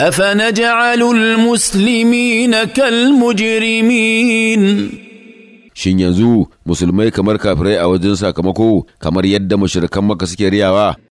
أفنجعل المسلمين كالمجرمين Shin yanzu musulmai kamar kafirai a wajen sakamako kamar yadda mashirkan maka suke riyawa